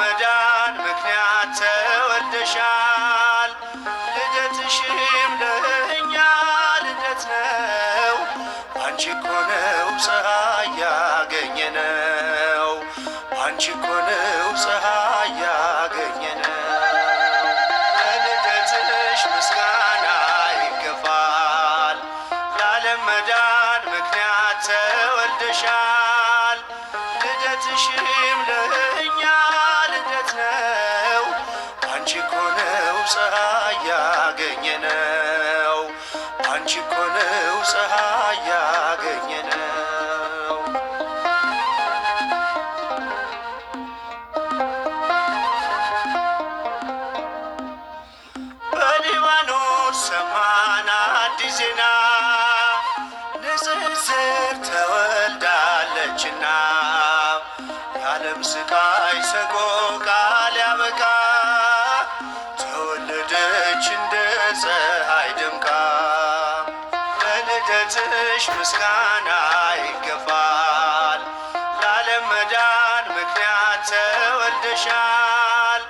መዳን ምክንያት ተወልደሻል። ልደትሽም ለእኛ ልደት ነው። አንቺ እኮ ነው ፀሐይ ያገኘነው። አንቺ እኮ ነው ፀሐይ ያገኘነው። ለልደትሽ ምስጋና ይገባል። ለዓለም መዳን ምክንያት ተወልደሻል። ልደትሽ ያገኘነው አንቺ እኮ ነው ፀሐይ ያገኘነው። በሊባኖስ ሰማን አዲስ ዜና ንጽሕት ተወልዳለችና የዓለም ስቃይ ሰጎ ምስጋና ይገባል። ለዓለም መዳን ምክንያት ተወልደሻል።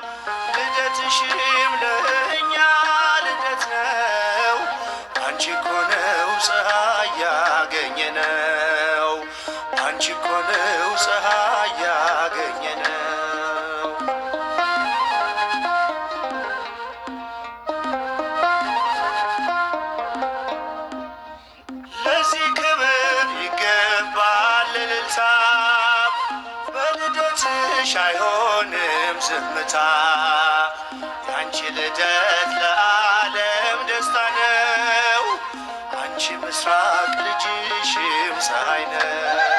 ልደትሽም ለእኛ ልደት ነው። አንቺ ኮነው ፀሐይ ያገኘነው ውለታ ያንቺ ልደት ለዓለም ደስታ ነው። አንቺ ምስራቅ ልጅሽም ፀሐይ ነው።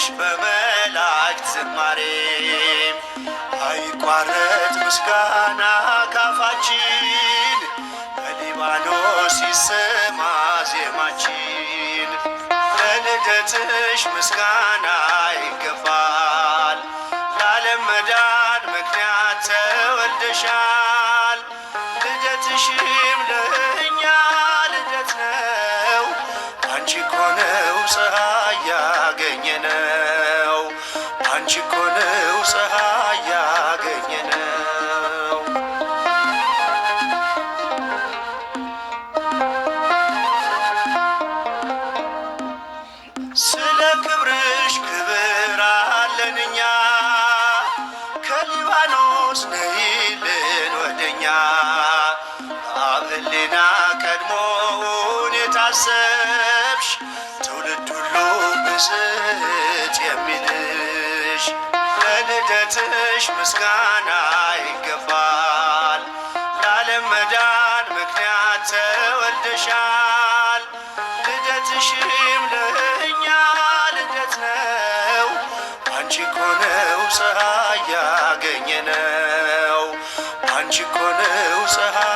ነሽ በመላእክት ዝማሬ አይቋረጥ ምስጋና ካፋችን በሊባኖስ ይሰማ ዜማችን። ለልደትሽ ምስጋና ይገባል። ለዓለም መዳን ምክንያት ተወልደሻል። ልደትሽም ለእኛ ልደት ነው አንቺ ኮነው ፀሐ ከህልና ቀድሞውን የታሰብሽ ትውልድ ሁሉ ብፅዕት የሚልሽ ለልደትሽ ምስጋና ይገባል። ለዓለም መዳን ምክንያት ተወልደሻል። ልደትሽም ለእኛ ልደት ነው። አንቺ እኮ ነው ፀሐይ ያገኘነው አንቺ እኮ ነው ፀሐይ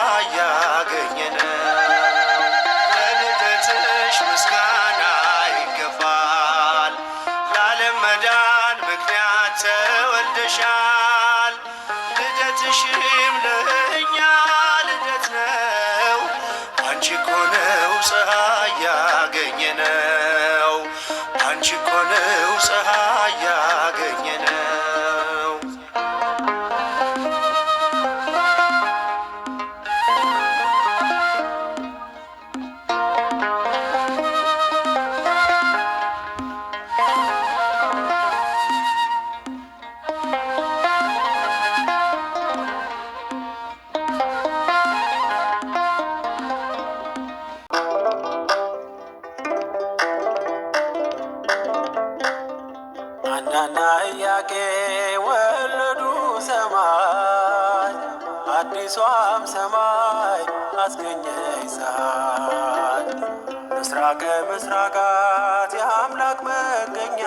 ሐናና ኢያቄ ወለዱ ሰማይ አዲሷም ሰማይ አስገኘ ፀሐይ ምስራቀ ምስራቃት የአምላክ መገኛ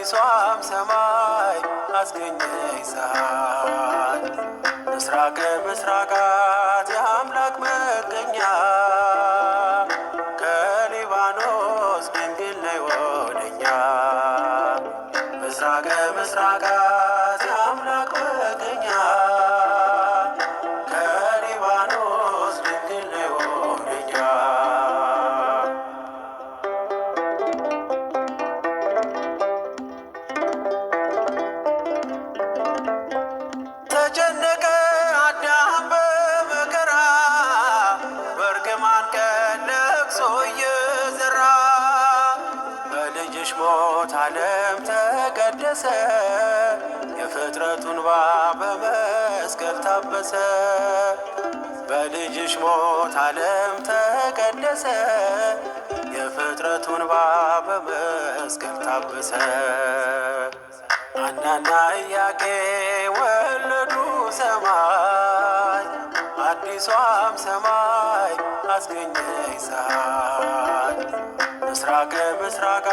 አዲሷም ሰማይ አስገኘኝ ሳል ምስራቅ ምስራቃት የአምላክ መገኛ ከሊባኖስ ድንግል ነይ ወደኛ ምስራቅ ምስራቃት የአምላክ መገኛ በልጅሽ ሞት ዓለም ተቀደሰ፣ የፍጥረቱን ባ በመስቀል ታበሰ። በልጅሽ ሞት ዓለም ተቀደሰ፣ የፍጥረቱን ባ በመስቀል ታበሰ። ሐናና ኢያቄም ወለዱ ሰማይ፣ አዲሷም ሰማይ አስገኘ ይስሐቅ ምስራቀ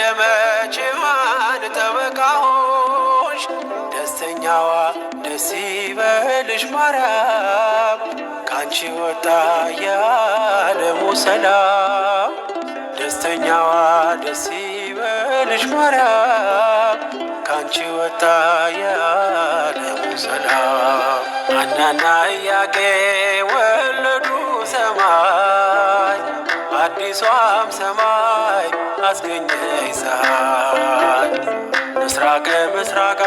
የቀደመች ማን ጠበቃ ሆንሽ፣ ደስተኛዋ ደስ ይበልሽ ማርያም፣ ካንቺ ወጣ የዓለሙ ሰላም። ደስተኛዋ ደስ ይበልሽ ማርያም፣ ካንቺ ወጣ የዓለሙ ሰላም። ሐናና ኢያቄም ወለዱ ሰማይ አዲሷም ሰማይ አስገኘ ይስሐቅ ምስራቅ ምስራቃ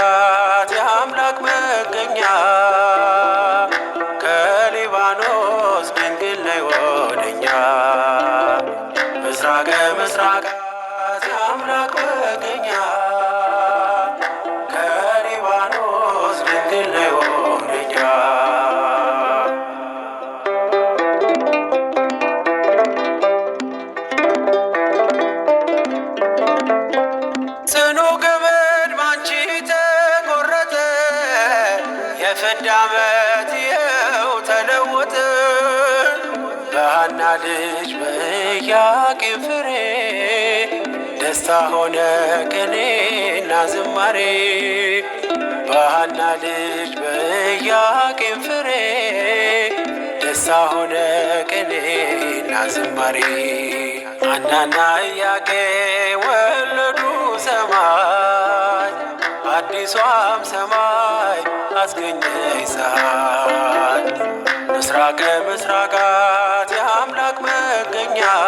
ደስታ ሆነ ቅኔና ዝማሬ በሐና ልጅ በኢያቄም ፍሬ ደስታ ሆነ ቅኔና ዝማሬ ሐናና ኢያቄም ወለዱ ሰማይ አዲሷም ሰማይ አስገኘ ፀሐይ ምስራቀ ምስራቃት የአምላክ መገኛ